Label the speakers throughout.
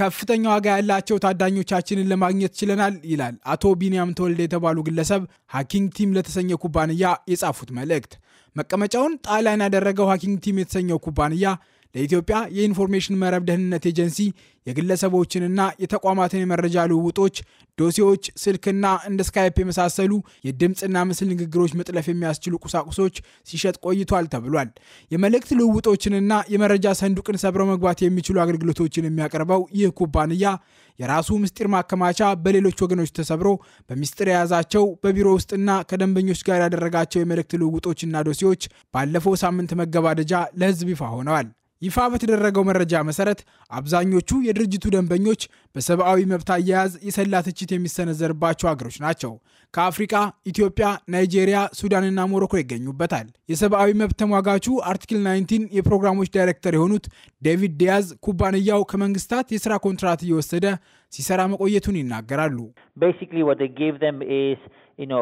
Speaker 1: ከፍተኛ ዋጋ ያላቸው ታዳኞቻችንን ለማግኘት ችለናል ይላል አቶ ቢንያም ተወልደ የተባሉ ግለሰብ ሀኪንግ ቲም ለተሰኘ ኩባንያ የጻፉት መልእክት። መቀመጫውን ጣሊያን ያደረገው ሀኪንግ ቲም የተሰኘው ኩባንያ ለኢትዮጵያ የኢንፎርሜሽን መረብ ደህንነት ኤጀንሲ የግለሰቦችንና የተቋማትን የመረጃ ልውውጦች፣ ዶሴዎች፣ ስልክና እንደ ስካይፕ የመሳሰሉ የድምፅና ምስል ንግግሮች መጥለፍ የሚያስችሉ ቁሳቁሶች ሲሸጥ ቆይቷል ተብሏል። የመልእክት ልውውጦችንና የመረጃ ሰንዱቅን ሰብረው መግባት የሚችሉ አገልግሎቶችን የሚያቀርበው ይህ ኩባንያ የራሱ ምስጢር ማከማቻ በሌሎች ወገኖች ተሰብሮ በሚስጥር የያዛቸው በቢሮ ውስጥና ከደንበኞች ጋር ያደረጋቸው የመልእክት ልውውጦችና ዶሴዎች ባለፈው ሳምንት መገባደጃ ለህዝብ ይፋ ሆነዋል። ይፋ በተደረገው መረጃ መሰረት አብዛኞቹ የድርጅቱ ደንበኞች በሰብአዊ መብት አያያዝ የሰላ ትችት የሚሰነዘርባቸው አገሮች ናቸው። ከአፍሪቃ ኢትዮጵያ፣ ናይጄሪያ፣ ሱዳንና ሞሮኮ ይገኙበታል። የሰብአዊ መብት ተሟጋቹ አርቲክል 19 የፕሮግራሞች ዳይሬክተር የሆኑት ዴቪድ ዲያዝ ኩባንያው ከመንግስታት የስራ ኮንትራት እየወሰደ ሲሰራ መቆየቱን ይናገራሉ። uh,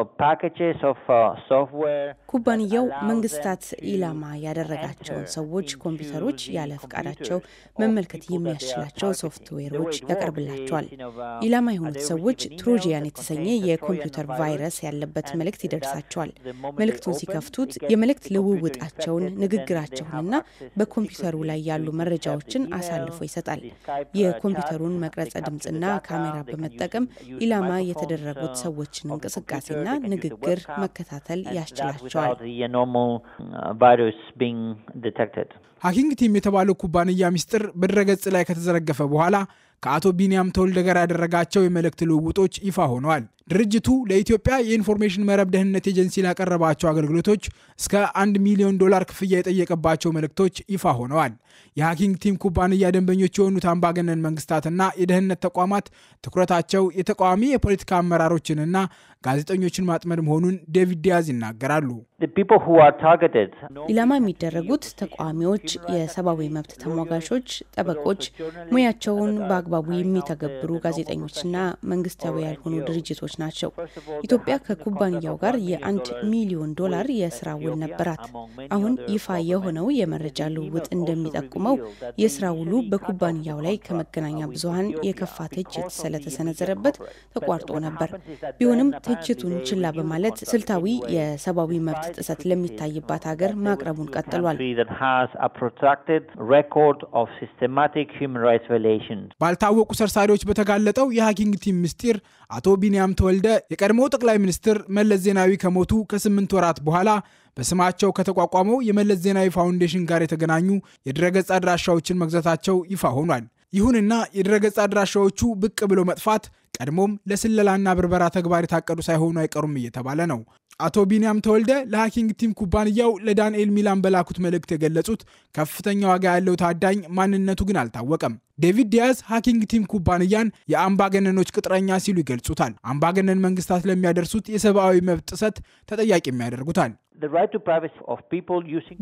Speaker 2: ኩባንያው uh, መንግስታት ኢላማ ያደረጋቸውን ሰዎች ኮምፒውተሮች ያለ ፈቃዳቸው መመልከት የሚያስችላቸው ሶፍትዌሮች ያቀርብላቸዋል። uh, ኢላማ የሆኑት ሰዎች ትሮጂያን የተሰኘ የኮምፒውተር ቫይረስ ያለበት መልእክት ይደርሳቸዋል። መልእክቱን ሲከፍቱት የመልእክት ልውውጣቸውን፣ ንግግራቸውንና በኮምፒውተሩ ላይ ያሉ መረጃዎችን አሳልፎ ይሰጣል። የኮምፒውተሩን መቅረጸ ድምጽና ና ካሜራ በመጠቀም ኢላማ የተደረጉት ሰዎችን እንቅስቃሴና
Speaker 1: ንግግር መከታተል ያስችላቸዋል። ሀኪንግ ቲም የተባለው ኩባንያ ሚስጥር በድረገጽ ላይ ከተዘረገፈ በኋላ ከአቶ ቢንያም ተወልደ ጋር ያደረጋቸው የመልእክት ልውውጦች ይፋ ሆነዋል። ድርጅቱ ለኢትዮጵያ የኢንፎርሜሽን መረብ ደህንነት ኤጀንሲ ላቀረባቸው አገልግሎቶች እስከ 1 ሚሊዮን ዶላር ክፍያ የጠየቀባቸው መልእክቶች ይፋ ሆነዋል። የሃኪንግ ቲም ኩባንያ ደንበኞች የሆኑት አምባገነን መንግስታትና የደህንነት ተቋማት ትኩረታቸው የተቃዋሚ የፖለቲካ አመራሮችንና ጋዜጠኞችን ማጥመድ መሆኑን ዴቪድ ዲያዝ ይናገራሉ። ኢላማ የሚደረጉት
Speaker 2: ተቃዋሚዎች፣ የሰብአዊ መብት ተሟጋቾች፣ ጠበቆች፣ ሙያቸውን በአግባቡ የሚተገብሩ ጋዜጠኞችና መንግስታዊ ያልሆኑ ድርጅቶች ናቸው። ኢትዮጵያ ከኩባንያው ጋር የአንድ ሚሊዮን ዶላር የስራ ውል ነበራት። አሁን ይፋ የሆነው የመረጃ ልውውጥ እንደሚጠቁመው የስራ ውሉ በኩባንያው ላይ ከመገናኛ ብዙሀን የከፋ ትችት ስለተሰነዘረበት ተቋርጦ ነበር። ቢሆንም ትችቱን ችላ በማለት ስልታዊ የሰብአዊ መብት ጥሰት ለሚታይባት ሀገር ማቅረቡን ቀጥሏል።
Speaker 1: ባልታወቁ ሰርሳሪዎች በተጋለጠው የሀኪንግ ቲም ምስጢር አቶ ቢንያም ተወልደ የቀድሞ ጠቅላይ ሚኒስትር መለስ ዜናዊ ከሞቱ ከስምንት ወራት በኋላ በስማቸው ከተቋቋመው የመለስ ዜናዊ ፋውንዴሽን ጋር የተገናኙ የድረገጽ አድራሻዎችን መግዛታቸው ይፋ ሆኗል። ይሁንና የድረገጽ አድራሻዎቹ ብቅ ብሎ መጥፋት ቀድሞም ለስለላና ብርበራ ተግባር የታቀዱ ሳይሆኑ አይቀሩም እየተባለ ነው። አቶ ቢንያም ተወልደ ለሃኪንግ ቲም ኩባንያው ለዳንኤል ሚላን በላኩት መልእክት የገለጹት ከፍተኛ ዋጋ ያለው ታዳኝ ማንነቱ ግን አልታወቀም። ዴቪድ ዲያዝ ሃኪንግ ቲም ኩባንያን የአምባገነኖች ቅጥረኛ ሲሉ ይገልጹታል። አምባገነን መንግስታት ለሚያደርሱት የሰብአዊ መብት ጥሰት ተጠያቂም ያደርጉታል።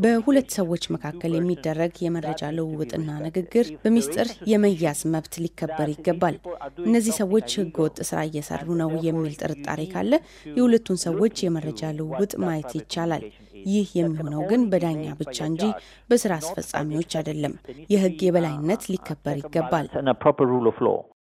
Speaker 1: በሁለት
Speaker 2: ሰዎች መካከል የሚደረግ የመረጃ ልውውጥና ንግግር በሚስጥር የመያዝ መብት ሊከበር ይገባል። እነዚህ ሰዎች ህገወጥ ስራ እየሰሩ ነው የሚል ጥርጣሬ ካለ የሁለቱን ሰዎች የመረጃ ልውውጥ ማየት ይቻላል። ይህ የሚሆነው ግን በዳኛ ብቻ እንጂ በስራ አስፈጻሚዎች አይደለም። የህግ የበላይነት ሊከበር ይገባል።